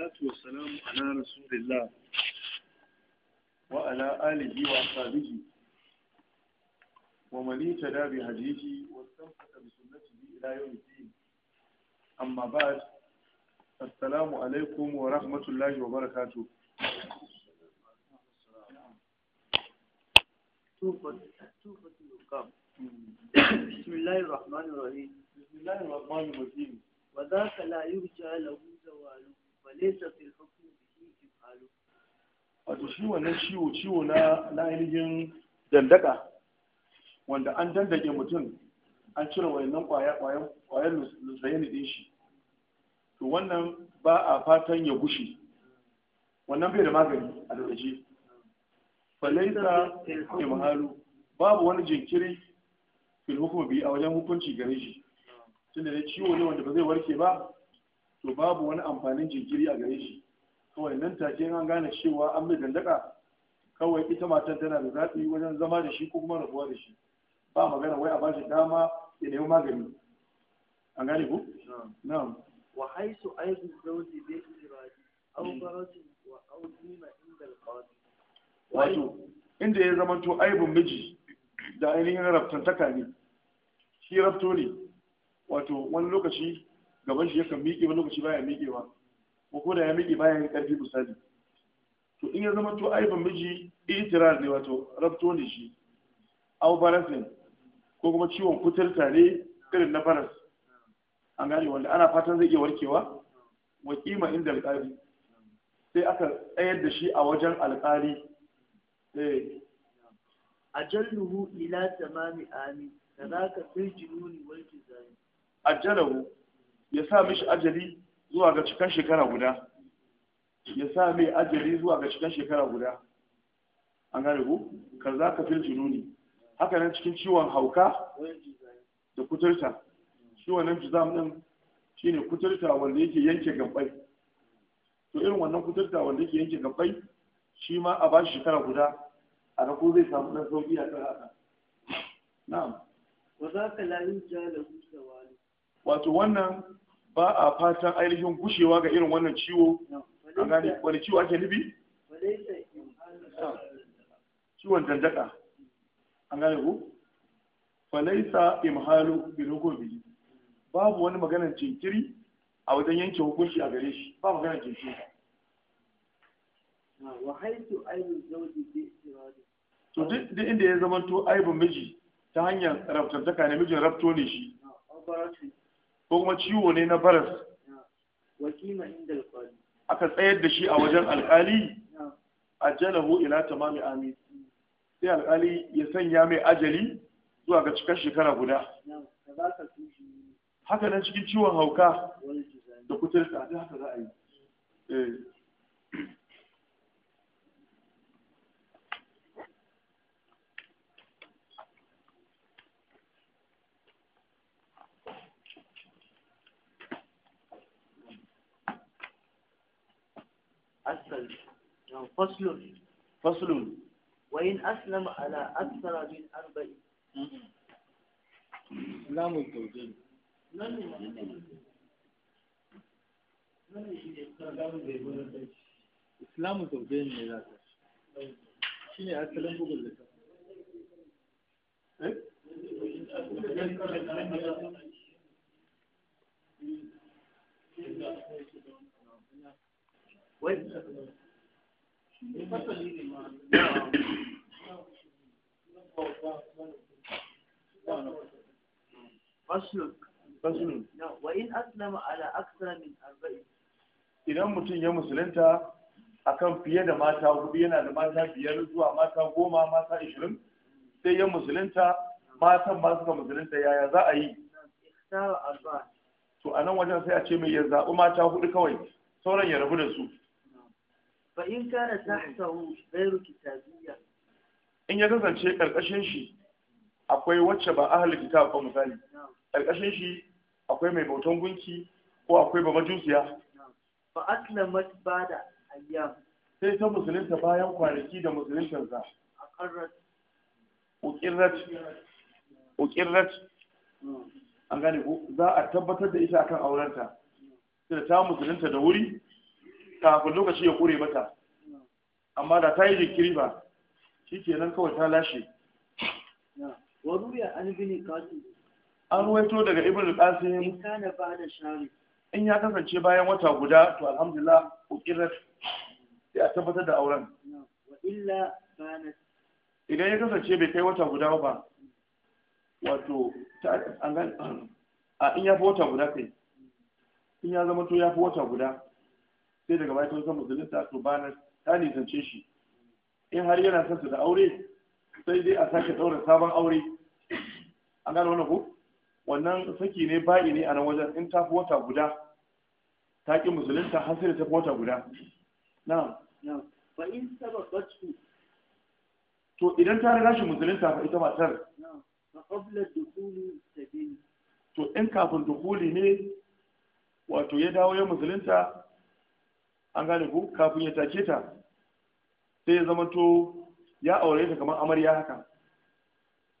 والصلاة والسلام على رسول الله وعلى آله وأصحابه ومن اهتدى بهديه واستمسك بسنته إلى يوم الدين أما بعد السلام عليكم ورحمة الله وبركاته بسم الله الرحمن الرحيم بسم الله الرحمن الرحيم وذاك لا يرجى له زوال wato shi wannan ciwo ciwo na ainihin dandaka wanda an dandake mutum an cire wayannan kwayan lusayen din shi to wannan ba a fatan ya gushi. wannan bai da magani a daraje falaita mahalu babu wani jinkiri fil hukuma a wajen hukunci gare shi tunda ne ciwo ne wanda ba zai warke ba to babu wani amfanin jinkiri a gare shi kawai nan take an gane cewa an mai dandaka kawai ita matan tana da zaɓi wajen zama da shi ko kuma rabuwa da shi ba magana wai a ba shi dama ya nemi magani an gane ku na'am wa haisu aibu zauji da iradi aw faratin wa aw dima inda alqadi wato inda ya zama to aibun miji da ainihin raftantaka ne shi rafto ne wato wani lokaci gaban shi yakan miƙe wani lokaci baya miƙewa ko ko da ya miƙe baya yin ƙarfi misali to in ya zama to aibin miji itirar ne wato rabto ne shi au ko kuma ciwon kuturta tare irin na baras an gane wanda ana fatan zai iya warkewa wa kima inda alƙali sai aka tsayar da shi a wajen alƙali eh. ajalluhu ila tamami ami kadaka fil jununi wal jizani ajalahu ya sa mishi ajali zuwa ga cikin shekara guda ya sa mai ajali zuwa ga cikin shekara guda an gane ku ka za ka fil jununi haka nan cikin ciwon hauka da kuturta ciwon nan jizam din shine kuturta wanda yake yanke gabbai to irin wannan kuturta wanda yake yanke gabbai shi ma a bashi shekara guda a da ko zai samu dan sauki a kan haka na'am wa za ka la yujja lahu wato wannan ba a fatan ainihin gushewa ga irin wannan ciwo a gani wani ciwo ake nufi ciwon dandaka an gane ku falaisa imhalu bil biyu babu wani maganar cinkiri a wajen yanke hukunci a gare shi ba maganar cinkiri. wa to duk inda ya zama to aibin miji ta hanyar rabtantaka ne mijin rabto ne shi ko kuma ciwo ne na baras aka tsayar da shi a wajen alkali ajalahu ila tamami amin sai alkali ya sanya mai ajali zuwa ga cikar shekara guda haka nan cikin ciwon hauka da kuturta da haka za a yi faslun faslun wa in aslama ala aksara min arba'i lamun taujin nan ne islamu ne ta shi ne asalin bugun Idan mutum ya musulunta akan fiye da mata hudu yana da mata biyar zuwa mata goma mata ishirin, sai ya musulunta matan ba suka musulunta yaya za a yi. To a nan wajen sai a ce mai ya zaɓi mata hudu kawai sauran ya rabu da su. fa in kana tahtahu ghairu kitabiyya in ya kasance karkashin shi akwai wacce ba ahli kitab ba misali karkashin shi akwai mai bautan gunki ko akwai ba majusiya fa aslamat matbada ayyam sai ta musulunta bayan kwanaki da musuluntar za ukirrat an gane za a tabbatar da ita akan aurenta sai ta musulunta da wuri kafin lokaci ya kure mata amma da ta yi jinkiri ba shi ke nan kawai ta lashe an ruwaito daga ibn al in ya kasance bayan wata guda to alhamdulillah ukirat ya tabbatar da auren idan ya kasance bai kai wata guda ba wato a in ya fi wata guda kai in ya zama to ya fi wata guda sai daga baya sun san musulunta to bana ta nisance shi in har yana son su da aure sai dai a sake ɗaura sabon aure an gano wannan ko wannan saki ne ba'i ne a nan wajen in ta fi wata guda ta ki musulunta har sai ta fi wata guda na'am fa in sababatu to idan ta rana shi musulunta fa ita matar fa qabla dukhuli sabil to in kafin dukhuli ne wato ya dawo ya musulunta an gane ku kafin ya take ta sai ya zama to ya aure ta kamar amarya haka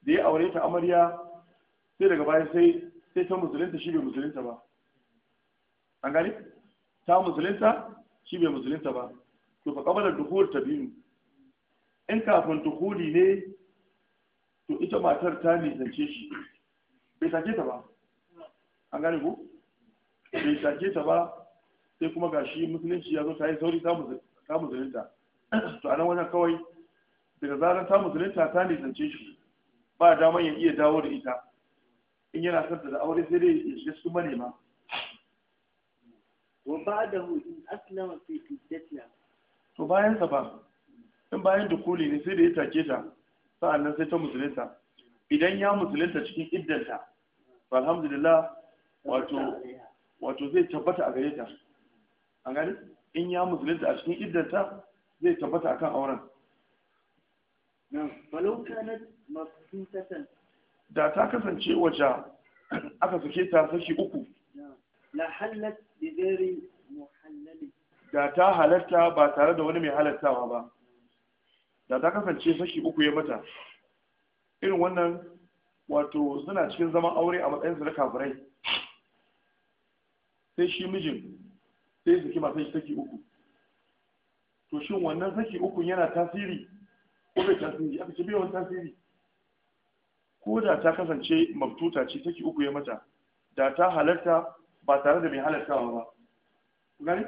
da ya aure ta amarya sai daga baya sai sai ta musulunta shi bai musulunta ba an gane ta musulunta shi bai musulunta ba to fa kabalar duhur ta biyu in kafin duhuri ne to ita matar ta nisance shi bai take ta ba an gane ku bai take ta ba sai kuma gashi musulunci ya zo ta yi sauri ta musulunta to a nan wajen kawai daga zarar ta musulunta ta nisance shi ba damar ya iya dawo da ita in yana son da aure sai dai ya shiga cikin manema wa ba'dahu in aslama fi fiddatna to bayan sa ba in bayan dukuli ne sai da ya take ta sa'annan sai ta musulunta idan ya musulunta cikin iddanta to alhamdulillah wato wato zai tabbata a gare ta an gani in ya musulunta a cikin iddanta zai tabbata a kan auren da ta kasance wace aka suke ta sashi uku da ta halatta ba tare da wani mai halattawa ba da ta kasance sashi uku ya mata irin wannan wato suna cikin zaman aure a matsayinsu na kafirai sai shi mijin sai ya saki matan saki uku to shin wannan saki uku yana tasiri ko bai tasiri aka ce bai tasiri ko da ta kasance mabtuta ce saki uku ya mata da ta halarta ba tare da mai halarta ba gani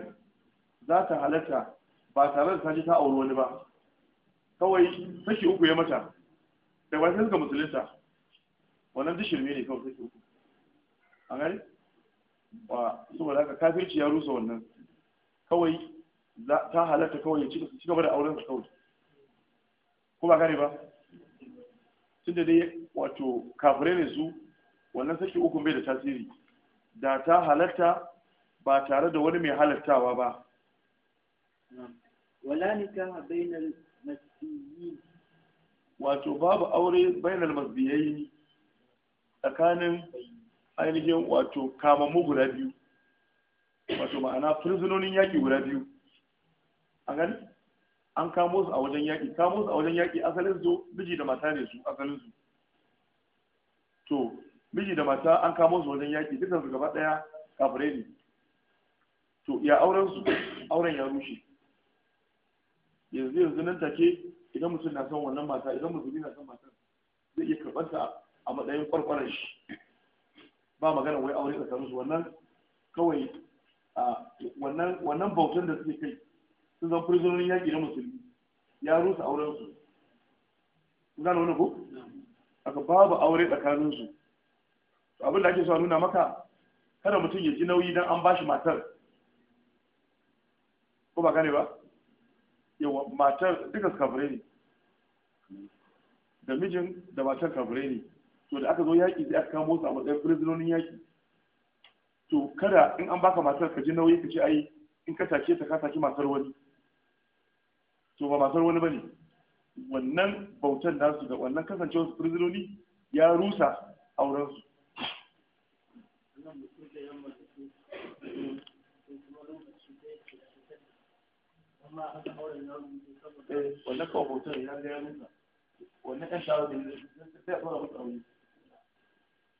za ta halarta ba tare da ta ji ta auri wani ba kawai saki uku ya mata da wani suka musulunta wannan duk shirme ne kawai saki uku a gani ba saboda haka kafirci ya rusa wannan kawai ta halatta kawai ya ci gaba da auren sa kawai ko ba kare ba tunda dai wato kafirai ne su wannan saki uku bai da tasiri da ta halatta ba tare da wani mai halattawa ba wala nikaha bainal masbiyin wato babu aure bainal masbiyin tsakanin ainihin wato kamammu guda biyu wato ma'ana firzinonin yaƙi guda biyu an gani an kamo su a wajen yaƙi kamo su a wajen yaƙi asalin su miji da mata ne su asalin su to miji da mata an kamo su wajen yaƙi dukkan su gaba ɗaya kafirai ne to ya auren su auren ya rushe yanzu yanzu nan take idan mutum na son wannan mata idan mutum na son mata zai iya karɓar ta a matsayin kwarkwaran shi ba magana wai aure tsakanin su wannan kawai wannan wannan bautan da suke kai sun zan prisonerin yaƙi na musulmi ya rusa auren su kun wani ko aka babu aure tsakanin su abin da ake so a nuna maka kada mutum ya ji nauyi dan an bashi matar ko ba gane ba yawa matar duka kafirai ne da mijin da matar kafirai ne to da aka zo yaƙi sai aka kamo su a matsayin fursunonin yaƙi to kada in an baka matar ka ji nauyi ka ce ai in ka take ta ka take matar wani to ba matar wani bane wannan bautan nasu da wannan kasancewar su fursunoni ya rusa auren su eh, wannan kawo bautar ya rusa wannan kan shawarar da ya zai a tsora aure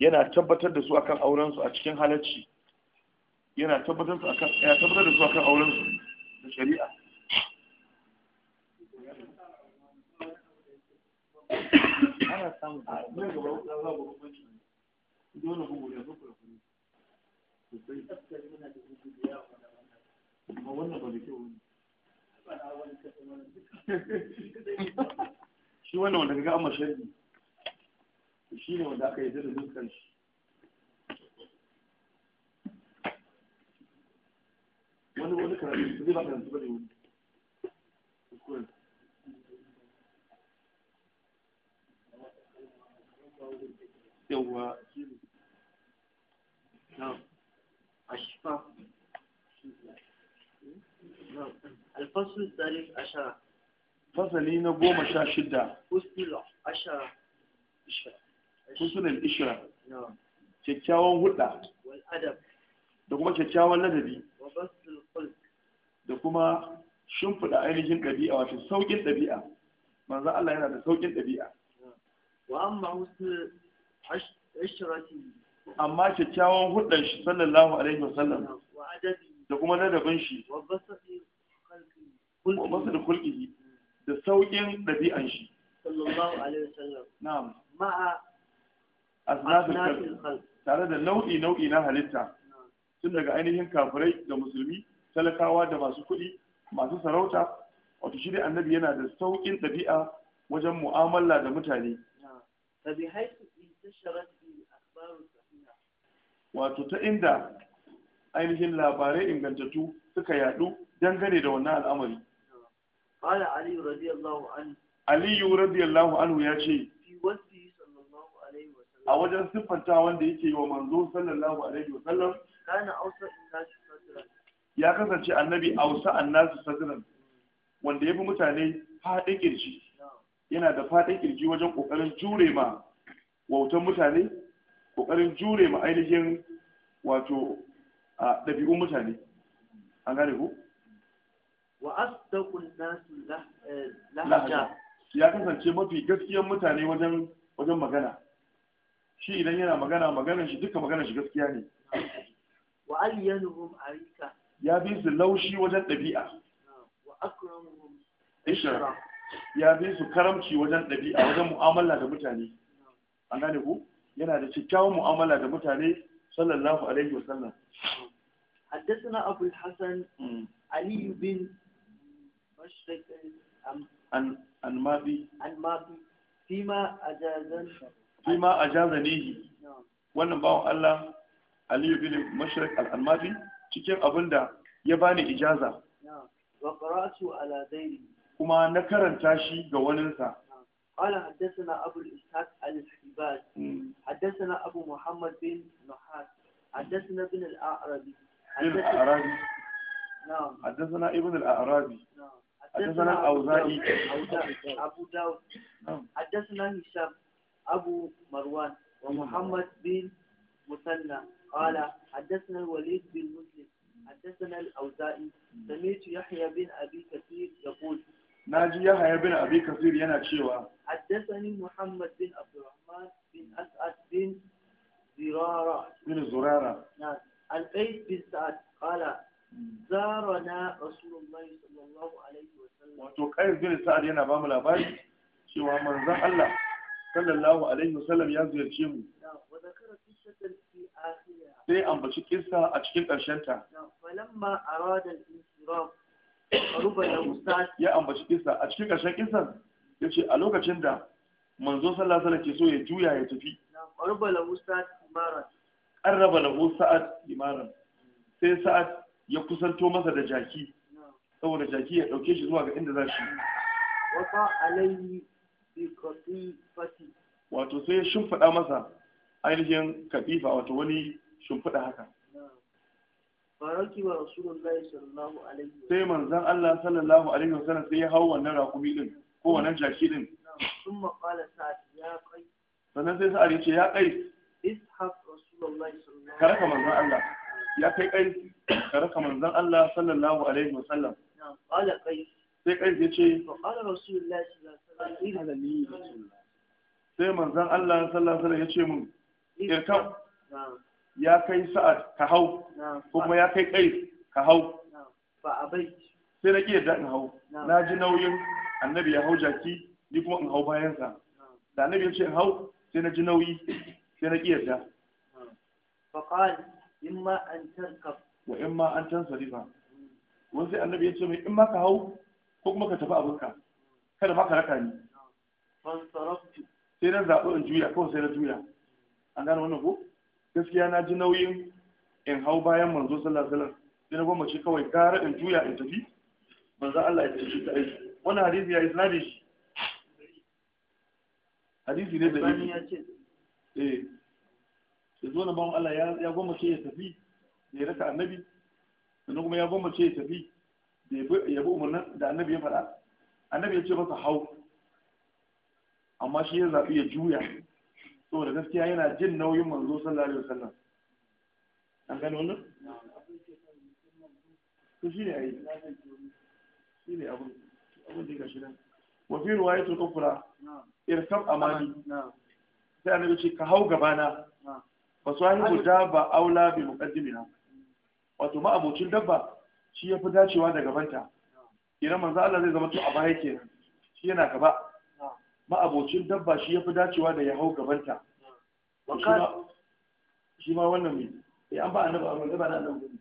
yana tabbatar da su akan aurensu a cikin halacci yana tabbatar da su akan aurensu da shari'a shi wannan wanda ga gama shari'a shi ne wanda aka yi da dukkan shi wani wani karatu zai ba karatu ba ne wani yawwa na ashifa الفصل الثالث عشر فصلين بوم شاشدة فصل عشرة عشرة husnul ishra kyakkyawan hudda da kuma kyakkyawan ladabi da kuma shimfida ainihin ɗabi'a wato sauƙin ɗabi'a manzo Allah yana da sauƙin ɗabi'a wa amma husnul ishrati amma kyakkyawan huddan shi sallallahu alaihi wasallam da kuma ladabin shi wa da kulki da sauƙin ɗabi'an shi sallallahu alaihi wasallam na'am ma'a asnafil khalq tare da nau'i nau'i na halitta tun daga ainihin kafirai da musulmi talakawa da masu kuɗi masu sarauta wato shi dai annabi yana da sauƙin ɗabi'a wajen mu'amala da mutane wato ta inda ainihin labarai ingantattu suka yadu dangane da wannan al'amari aliyu radiyallahu anhu ya ce a wajen siffanta wanda yake yi wa manzo sallallahu alaihi wa sallam kana ausa ya kasance annabi ausa annasu sadran wanda yafi mutane fadin kirji yana da fadin kirji wajen kokarin jure ma wautan mutane kokarin jure ma ainihin wato a ɗabi'un mutane an gane ku wa asdaqun nasu lahja eh, ya kasance mafi gaskiyar mutane wajen wajen magana shi idan yana magana maganar shi duka maganar shi gaskiya ne wa alyanuhum arika ya bi su laushi wajen ɗabi'a wa akramuhum ishra ya bi su karamci wajen ɗabi'a wajen mu'amala da mutane an gane ku yana da kyakkyawan mu'amala da mutane sallallahu alaihi wa sallam حدثنا أبو الحسن علي بن مشرق عن عن مابي عن مابي فيما أجازن shi ma a jaza ne wannan bawan Allah Aliyu bin Mashrik al-Almafi cikin abin da ya bani ijaza. Kuma na karanta shi ga waninsa. Ƙwala haddasa na Abu Ishaq al-Hibad, hmm. haddasa na Abu Muhammad bin Nuhat, haddasa na bin al-Arabi. Bin al-Arabi. Haddasa na Ibn al-Arabi. Haddasa na Abu Abu Dawud. Haddasa na Hisham. أبو مروان ومحمد بن مثنى قال حدثنا الوليد بن مسلم حدثنا الأوزائي سمعت يحيى بن أبي كثير يقول ناجي يحيى بن أبي كثير ينا تشيوا حدثني محمد بن عبد الرحمن بن أسعد بن زرارة بن زرارة نعم القيس بن سعد قال زارنا رسول الله صلى الله عليه وسلم وتو قيس بن سعد ينا بام الأبي شيوا منزل الله sallallahu alaihi wasallam ya ziyarce mu sai ambaci kissa a cikin ƙarshen ta ya ambaci kissa a cikin ƙarshen kissan ya ce a lokacin da manzo sallallahu alaihi ke so ya juya ya tafi ƙarraba lahu sa'ad imaran sai sa'ad ya kusanto masa da jaki saboda jaki ya ɗauke shi zuwa ga inda za shi wato sai shimfiɗa masa ainihin katifa wato wani shimfiɗa haka sai manzan Allah sallallahu alaihi wasallam sai ya hau wannan rakumi din ko wannan jaki din sannan sai sa'ari ce ya kai karaka manzan Allah ya kai kai karaka manzan Allah sallallahu alaihi wasallam sai kai ya ce sai manzan Allah sallallahu alaihi ya ce mun irka ya kai sa'ad ka hau kuma ya kai kai ka hau sai na ƙi kiyar in hau na ji nauyin annabi ya hau jaki ni kuma in hau bayansa da annabi ya ce in hau sai na ji nauyi sai na ƙi da wa in ma an tansa riba mm. wani sai annabi ya ce mai in ma ka hau ko kuma ka tafi abinka kada ma ka raka ni sai na zaɓi in juya kawai sai na juya an gane wannan ko gaskiya na ji nauyin in hau bayan manzo sallah-salar. sai na gwamnati kawai gara in juya in tafi manzo Allah ya tafi ta aiki wannan hadisi ya da shi hadisi ne da yi eh da zuwa na bawon Allah ya gwamnati ya tafi ya raka annabi sannan kuma ya gwamnati ya tafi ya bi umarnin da annabi ya faɗa annabi ya ce masa hau amma shi ya zaɓi ya juya saboda gaskiya yana jin nauyin manzo sallallahu alaihi wasallam an gani wannan to ne ai ne abu abu da gashi nan wa fi riwayatul ukhra irkab amani sai annabi ce ka hau gabana fa sahibu ba aula bi muqaddimina wato ma abocin dabba shi ya fi dacewa da gabanta idan manzo Allah zai zama to a baya ke shi yana gaba ma'abocin dabba shi ya fi dacewa da ya hau gabanta shi ma wannan mai ya eh, an ba a naba a gaba na annabi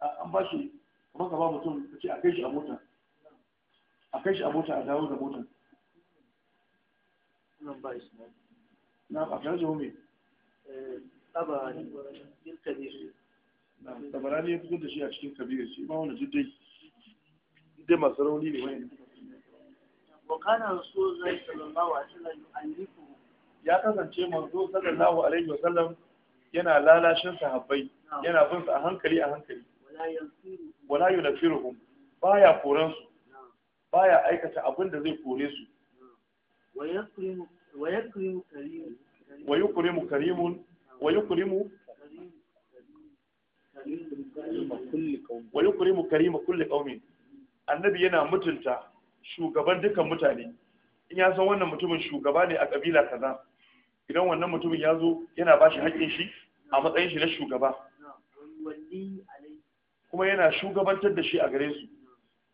an ba shi kuma ka ba mutum ka ce a kai shi a mota a kai shi a mota a dawo da mota. na a kai eh, shi mai tabarani ya fito da shi a cikin kabilar shi ba wani jiddai dai masu rauni ne wani wakana rasul zai sallallahu alaihi wasallam yu'allifu ya kasance manzo sallallahu alaihi sallam, yana lalashin sahabbai yana bin su a hankali a hankali wala yunafiruhum baya koran su baya aikata abin da zai kore su wa yukrimu karimun wa yukrimu wa كريم كل قوم النبي annabi yana mutunta shugaban dukan mutane in ya san wannan mutumin shugaba ne a kabila kaza idan wannan mutumin ya zo yana ba shi haƙƙin shi a matsayin shi na shugaba kuma yana shugabantar da shi a gare su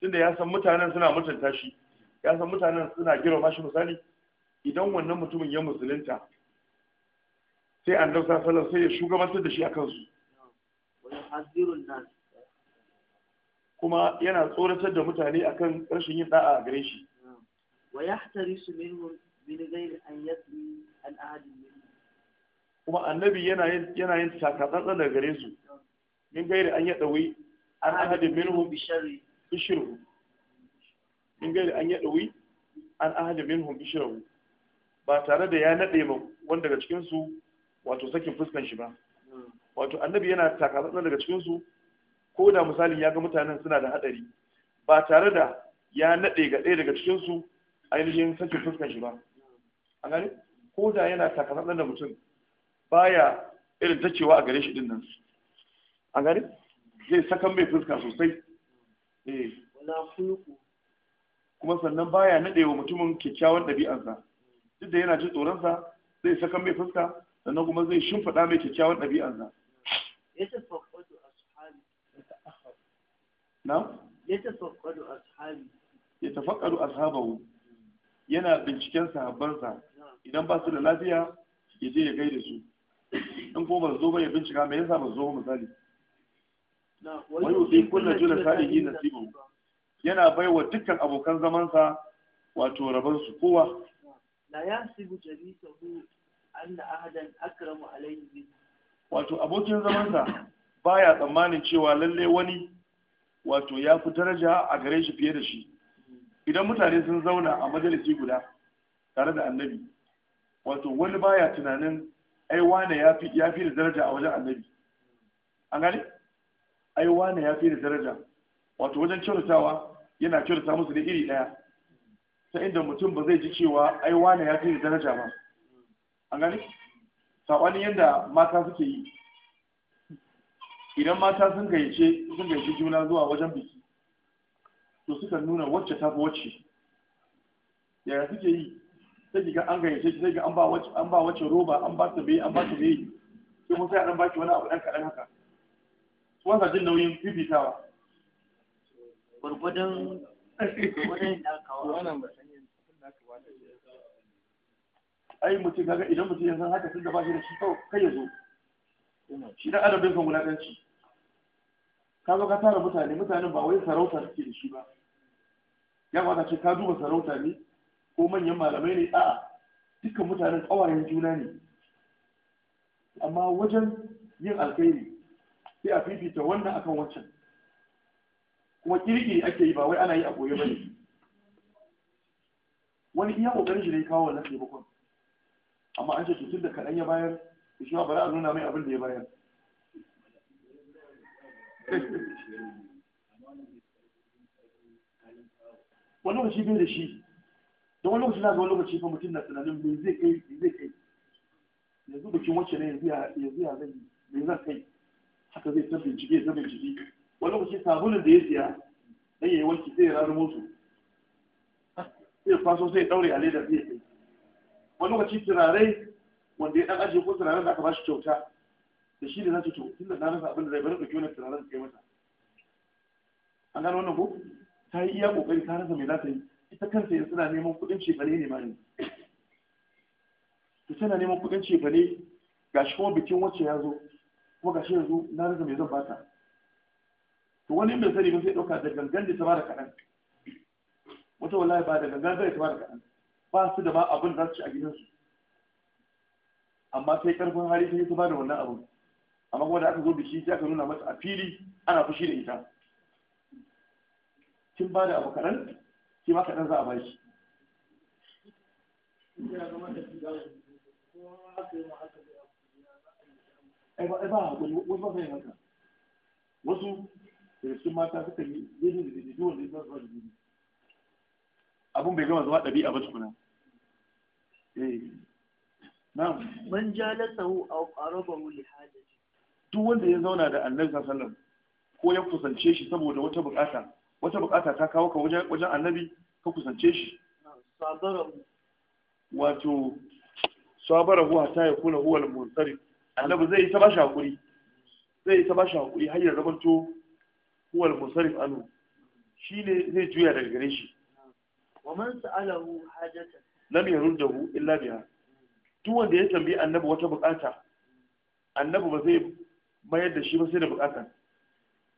tunda ya san mutanen suna mutunta shi ya san mutanen suna girma shi misali idan wannan mutumin ya musulunta sai annabi sallallahu alaihi sai ya shugabantar da shi a kansu yuhadhirun nnas kuma yana tsoratar da mutane akan rashin yin da'a gare shi wa yahtarisu minhum min ghairi an yasli an ahadin kuma annabi yana yin yana yin takatsantsan da gare su min gairi an yadawi an ahadin minhum bi sharri bi shirru min gairi an yadawi an ahadin minhum bi shirru ba tare da ya nade mu wanda daga cikin su wato sakin fuskan shi ba wato annabi yana takatsantsan daga cikin su ko da misalin ya ga mutanen suna da hadari ba tare da ya nade ga ɗaya daga cikin su ainihin sakin fuskan shi ba an gani ko da yana takatsantsan da mutum baya irin ta cewa a gare shi din nan an gani zai sakan mai fuska sosai eh kuma sannan baya wa mutumin kyakkyawan ɗabi'ansa duk da yana jin tsoronsa zai sakan mai fuska sannan kuma zai shimfiɗa mai kyakkyawan ɗabi'ansa يتفقد أصحابي يتأخر نعم يتفقد أصحابي يتفقد أصحابه yana binciken sahabbansa idan ba su da lafiya ya je ya gaida su in ko ba zo ba ya bincika me yasa ba zo misali wani ubi kullu jula salihi nasibu yana baiwa dukkan abokan zamansa wato rabar su kowa la yasibu jalisahu anna ahadan akramu alayhi wato abokin zamansa baya tsammanin cewa lalle wani wato ya fi daraja a gare shi fiye da shi idan mutane sun zauna a majalisi guda tare da annabi wato wani baya tunanin ai wane ya fi ya fi da daraja a wajen annabi an gane ai wane ya fi da daraja wato wajen kyautatawa yana kyautata musu da iri daya ta inda mutum ba zai ji cewa ai wane ya fi da daraja ba an gane saɓanin yadda mata suke yi idan mata sun gayyace sun gayyace juna zuwa wajen biki to suka nuna wacce ta fi wacce yaya suke yi sai ga an gayyace ki sai ga an ba wacce roba an ba ta bai an ba ta bai sai mun sai an dan baki wani abu dan kaɗan haka su wasa jin nauyin fifitawa gwargwadon gwargwadon da kawo wannan ai mutum kaga idan mutum ya san haka tun da ba shi da shi kawai kai ya zo shi da adabin kan ka zo ka tara mutane mutanen ba wai sarauta suke da shi ba ya kamata ce ka duba sarauta ne ko manyan malamai ne a'a dukkan mutanen ƙawayen juna ne amma wajen yin alkhairi sai a fifita wannan akan wancan kuma kirki ake yi ba wai ana yi a goye ba ne wani iya ƙoƙarin shi ne kawo wannan taimakon amma an ce tutun da kaɗan ya bayar shi ma bari a nuna mai abin da ya bayar wani lokaci bai da shi don wani lokaci na ga wani lokaci fa mutum na tunanin me zai kai me zai kai yanzu bikin wacce ne yanzu ya yanzu ya zan me zan kai haka zai san bincike ta bincike wani lokaci sabulun da ya siya dan yayi wanki sai ya raru musu sai faso sai ya daure a ledar sai ya kai wani lokaci turarai wanda ya dan ajiye ko turarai da aka bashi kyauta da shi da na fito tunda na rasa abin da zai bari ɗauki wani da sai mata an gano wannan ko ta yi iya kokari ta rasa mai za ta yi ita kanta yanzu na neman kuɗin cefane ne ma ne ta tana neman kuɗin cefane gashi kuma bikin wacce ya zo kuma gashi yanzu na rasa mai zan bata to wani bai sani ba sai ɗauka da gangan da ta bada kaɗan wata wallahi ba da gangan zai ta bada kaɗan ba su da ma abin za su ci a gidansu amma sai karfin hari sai ta ba da wannan abin amma kuma da aka zo biki sai aka nuna masa a fili ana fushi da ita kin ba da abu kaɗan shi ma kaɗan za a baki ai ba haƙuri wasu ba zai haka wasu da sun mata suka yi zai da daidai wanda ya ba su da daidai abun bai gama zama ɗabi'a ba tukuna eh, na'am man jalasahu aw qarabahu wuli hajati duk wanda ya zauna da annabi sallallahu ko ya kusance shi saboda wata bukata wata bukata ta kawo ka wajen wajen annabi ka kusance shi wato sabara huwa ta ya kula huwa al-munsarif annabi zai yi ta bashi hakuri zai yi ta bashi hakuri har ya zamanto huwa al-munsarif anu shine zai juya daga gare shi man sa'alahu hajatan lam yaruddahu illa biha duk wanda ya tambayi annabi wata bukata annabi ba zai mayar da shi ba sai da bukata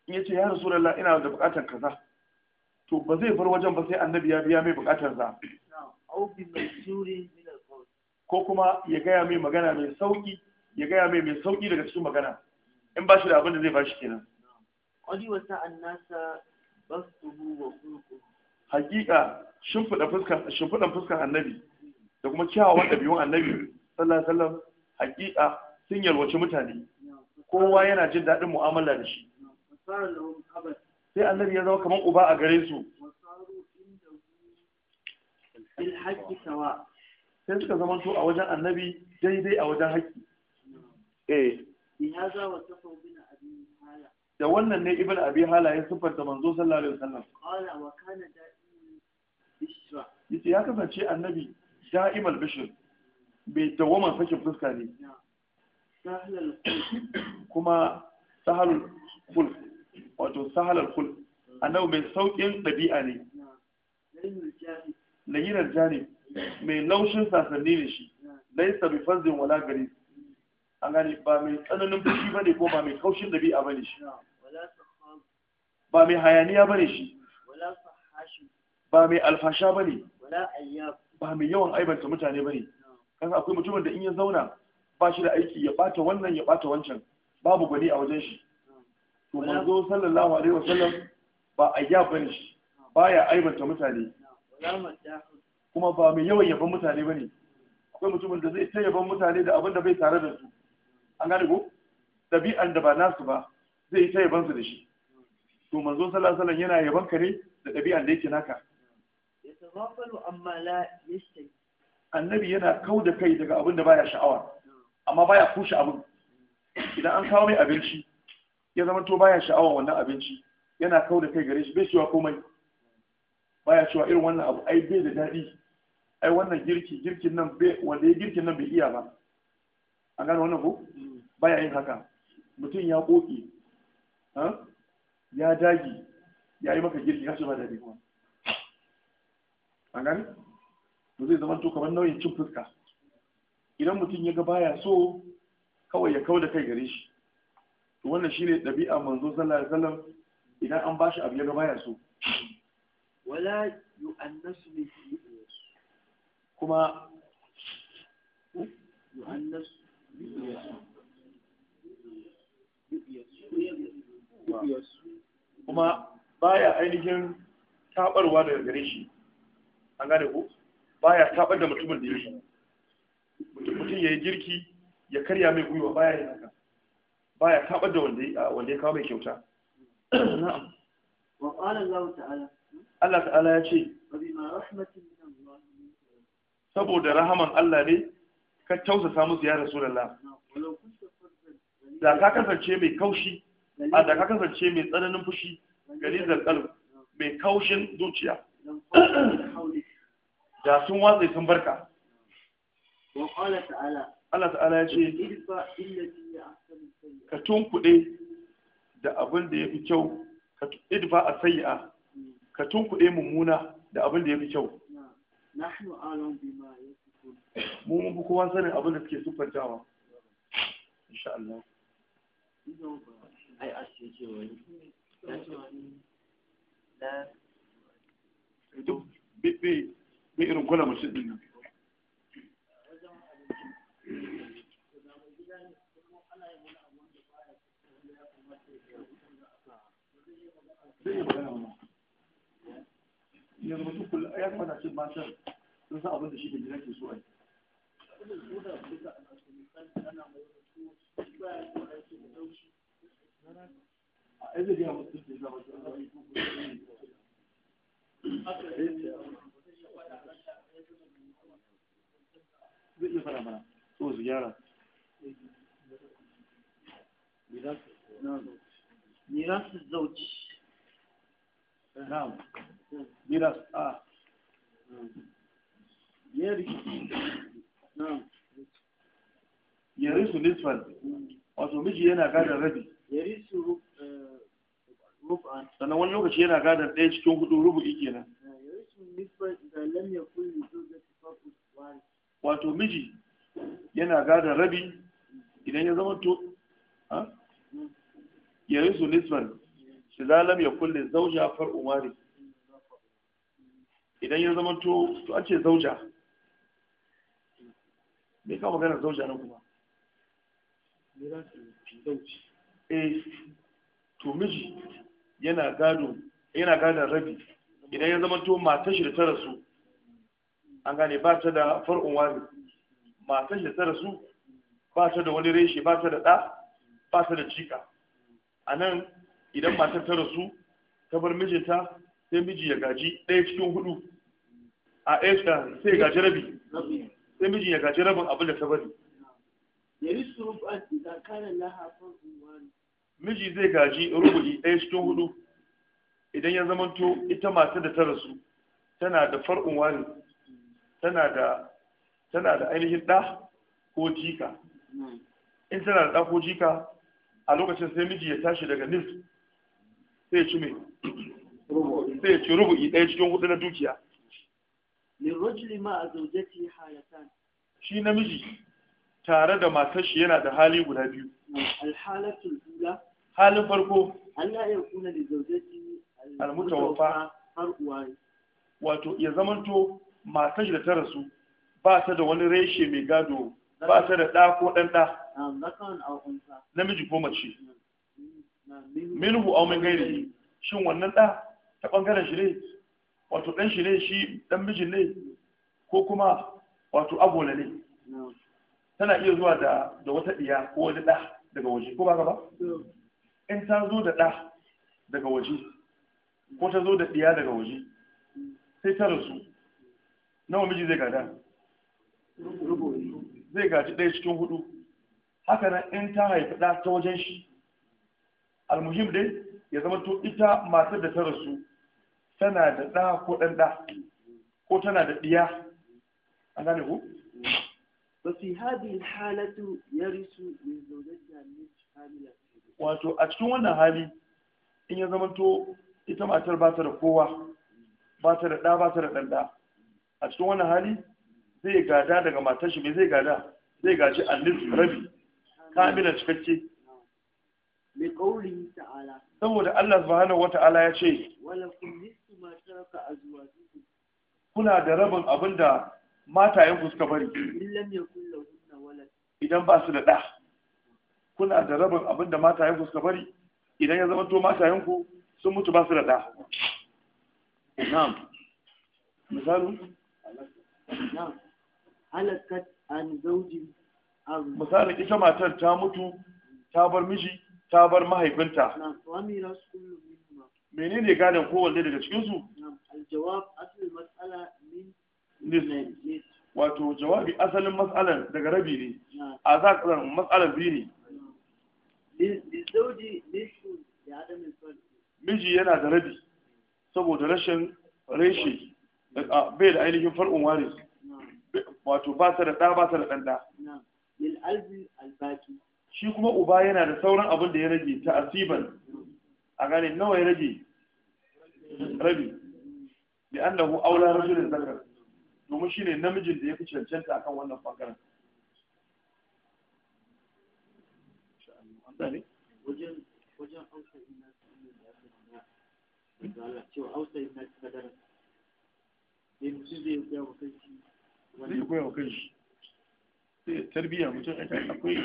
in yace ya rasulullah ina da bukatan kaza to ba zai bar wajen ba sai annabi ya biya mai bukatar sa ko kuma ya gaya mai magana mai sauki ya gaya mai mai sauki daga cikin magana in ba shi da abin da zai ba shi kenan wani wata annasa bastuhu wa kulku hakika shimfiɗan fuskan annabi da kuma kyawawan ɗabi'un annabi sallallahu alaihi wasallam haƙiƙa sun yalwaci mutane kowa yana jin daɗin mu'amala da shi sai annabi ya zama kamar uba a gare su sai suka zama to a wajen annabi daidai a wajen haƙƙi eh. da wannan ne ibn abi hala ya siffanta manzo sallallahu alaihi wasallam yace ya kasance annabi da'imal bishir bai dawama sakin fuska ne kuma sahalul kul wato sahalul kul annabi mai saukin ɗabi'a ne layinar jani mai laushin sasanni ne shi dai sabi fanzin wala gari an gani ba mai tsananin fushi bane ko ba mai kaushin ɗabi'a bane shi ba mai hayaniya bane shi ba mai alfasha ba ne ba mai yawan aibanta mutane ba ne kan akwai mutumin da in ya zauna ba shi da aiki ya ɓata wannan ya ɓata wancan babu gwani a wajen shi to manzo sallallahu alaihi wasallam ba a ya bane shi baya aibanta mutane kuma ba mai yawan yaban mutane ba ne akwai mutumin da zai ta yaban mutane da abin da bai tare da su an gane ko ɗabi'an da ba nasu ba zai ta yaban su da shi to manzo sallallahu alaihi wasallam yana yaban ka ne da ɗabi'an da yake naka annabi yana kau da kai daga abin da baya sha'awa amma baya kushe abin idan an kawo mai abinci ya zama to baya sha'awa wannan abinci yana kau da kai gare shi bai cewa komai baya cewa irin wannan abu ai bai da daɗi ai wannan girki girkin nan bai wanda ya girkin nan bai iya ba an gane wannan ko baya yin haka mutum ya koki ya dagi ya yi maka girki ya ce ba daɗi kuma a gani to zai zama to kamar nauyin cin fuska idan mutum ya ga baya so kawai ya kawo da kai gare shi to wannan shine ɗabi'a manzo sallallahu alaihi wasallam idan an bashi abu ya ga baya so wala yu'annasu bi kuma yu'annasu kuma baya ainihin tabarwa daga gare shi an gane ku baya tabar da mutumin da yake mutum ya yi girki ya karya mai gwiwa baya yi haka baya tabar da wanda ya kawo mai kyauta Allah ta'ala ya ce saboda rahaman Allah ne ka tausa samu ya rasulullah da ka kasance mai kaushi a da ka kasance mai tsananin fushi gari zarkal mai kaushin zuciya da sun watsa sun barka wa ta'ala Allah ta'ala ya ce ka tunkuɗe da abin da ya fi kyau ka idfa a sayi'a ka tunkuɗe mummuna da abin da ya fi kyau mu mun fi kowa sanin abin da suke siffantawa insha Allah ai ashe ce wani duk bi ميرون كلها مسلمين يا رب كل ايات ما تعجب ما تعجب بس اظن شيء في ذلك السؤال اذا دي عم تصير اذا ما تصير اذا دي عم تصير اذا ما تصير zai iya fara mana so su gyara zauci a yari su wato miji yana gadon rabi yari su eh, sannan wani lokaci yana gadon ɗaya cikin hudu rubu'i kenan eh, yari su nisfan da wato miji yana gadon rabi idan ya zama to ya yi su nisban shi zalam ya kulle zauja far umari idan ya zama to to an ce zauja me ka magana zauja nan kuma eh to miji yana gado yana gadon rabi idan ya zama to matashi da ta rasu an gane ba ta da far'un wani matan da ta rasu ba ta da wani reshe ba ta da ɗa ba ta da cika a nan idan matar ta rasu ta bar mijinta sai miji ya gaji ɗaya cikin hudu a ɗaya sai ya gaji rabi sai mijin ya gaji rabin abin da ta bari miji zai gaji rubu'i ɗaya cikin hudu idan ya zamanto ita matar da ta rasu tana da far'un wani tana da tana da ainihin ɗa ko jika in tana da ɗa ko jika a lokacin sai miji ya tashi daga nis sai ci mai sai ya ci rubu'i ɗaya cikin hudu na dukiya ma halatan shi namiji tare da matar shi yana da hali guda biyu halin farko Allah ya kuna da har uwaye wato ya zamanto matar da ta rasu ba ta da wani reshe mai gado ba ta da ɗa ko ɗan ɗa namiji ko mace minhu aumin gairi shi, shin wannan ɗa ta ɓangaren shi ne wato ɗan shi ne shi ɗan mijin ne ko kuma wato abola ne tana iya zuwa da da wata ɗiya ko wani ɗa daga waje ko ba ka ba in ta zo da ɗa daga waje ko ta zo da ɗiya daga waje sai ta rasu nawa miji zai gada zai gaji ɗaya cikin hudu haka nan in ta haifi ɗa ta wajen shi almuhim dai ya zama to ita masu da ta rasu tana da ɗa ko ɗan ɗa ko tana da ɗiya an gane ku ففي هذه الحالة mai من زوجتها نصف حاملة wato a cikin wannan hali in ya to ita matar ba ta da kowa ba ta da ɗa ba ta da ɗanɗa a cikin wani hali zai gada daga matar shi mai zai gada zai gaji annis rabi kamilan cikakke saboda Allah subhanahu wata'ala ya ce kuna da rabin abin da matayenku suka bari idan ba su da ɗa kuna da rabin abin da matayenku suka bari idan ya zama to matayenku sun mutu ba su da ɗa na'am misalin halakat an zaujin ita matar ta mutu ta bar miji ta bar mahaifinta menene gadon kowanne daga cikinsu wato jawabi asalin matsalar daga rabi ne a za a matsalar biyu ne miji yana da rabi saboda rashin reshe bai da ainihin far'un waris wato ba ta da ɗa ba ta da ɗanɗa shi kuma uba yana da sauran abin da ya rage ta asiban a gane nawa ya rage rabi da annahu aula rajulin zakar domin shine namijin da ya fi cancanta akan wannan bangaren wajen wajen ausa ina da ya fi cewa ausa ina da da mutum zai koya wa kanshi zai koya wa kanshi sai tarbiyya mutum akwai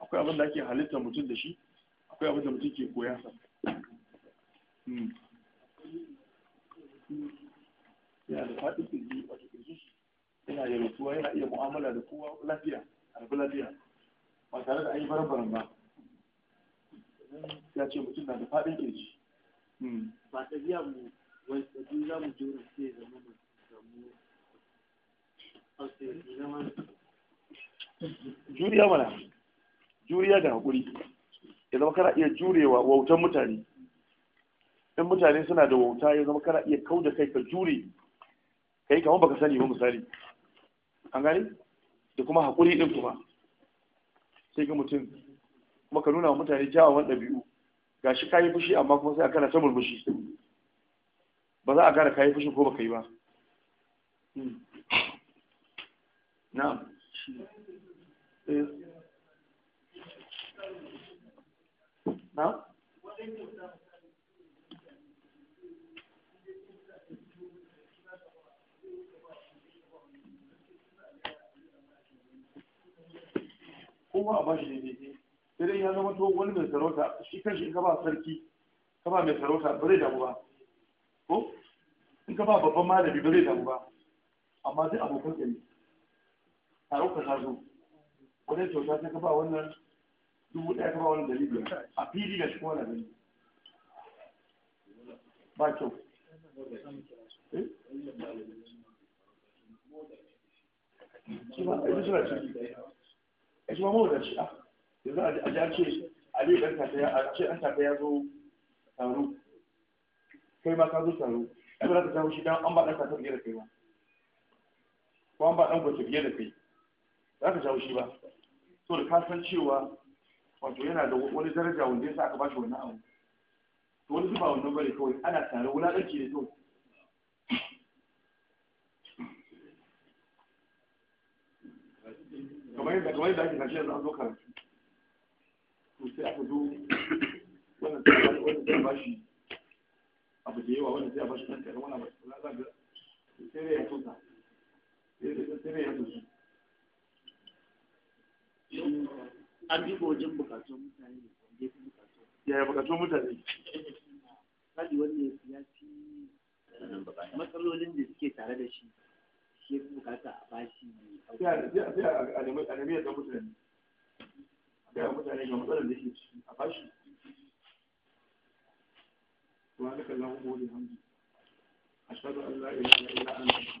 akwai abin da ake halitta mutum da shi akwai abin da mutum ke koya sa hmm. yana da faɗin da kirji wato kirji shi yana da rutuwa yana iya mu'amala da kowa lafiya a lafiya ba tare da an yi baran ba ya ce mutum na da faɗin kirji hmm. ba ta biya mu wani tsaji za mu jura sai zama mutum juriya mana juriya da haƙuri ya zama kana iya jurewa wautan mutane in mutane suna da wauta ya zama kana iya kau da kai ka jure ka yi kamar baka sani ba misali an gani da kuma haƙuri ɗin kuma sai ga mutum kuma ka nuna wa mutane kyawawan ɗabi'u ga shi kayi fushi amma kuma sai a kana ta murmushi ba za a gara kayi fushi ko baka yi ba نعم hmm. نعم eh. kowa a bashi ne sai dai ya zama to wani mai sarauta shi kanshi in ka ba sarki ka ba mai sarauta ba zai damu ba ko in ka ba babban malami ba zai damu ba amma sai abokan ɗari taron ka taso wajen kyauta sai ka ba wannan dubu ɗaya ka ba wannan dari biyar a fili ga shi wani na ba kyau eh? shi ba a yi suna ciki a shi a ah. yanzu a ji a ce ali ɗan tafiya a ce ɗan tafiya zo taro kai ma ka zo taro ai ba za ka shi dan an ba ɗan tafiya da kai ba ko ba ɗan gwace biyar da kai za ka jawo shi ba so da kasan cewa wato yana da wani daraja wanda ya sa aka bashi wannan abu to wani zuba wannan bane kawai ana tare wulaƙanci ne to kamar yadda kamar yadda ake tashi yanzu an zo karatu to sai aka zo wannan sai a bashi abu da yawa wannan sai a bashi ɗan kaɗan wannan abu sai da ya tuta yaya bukatun mutane kaji ya fi matsalolin da suke tare da shi shi ya bukata a bashi a nemi ya mutane ga mutane ga matsalar da ke a bashi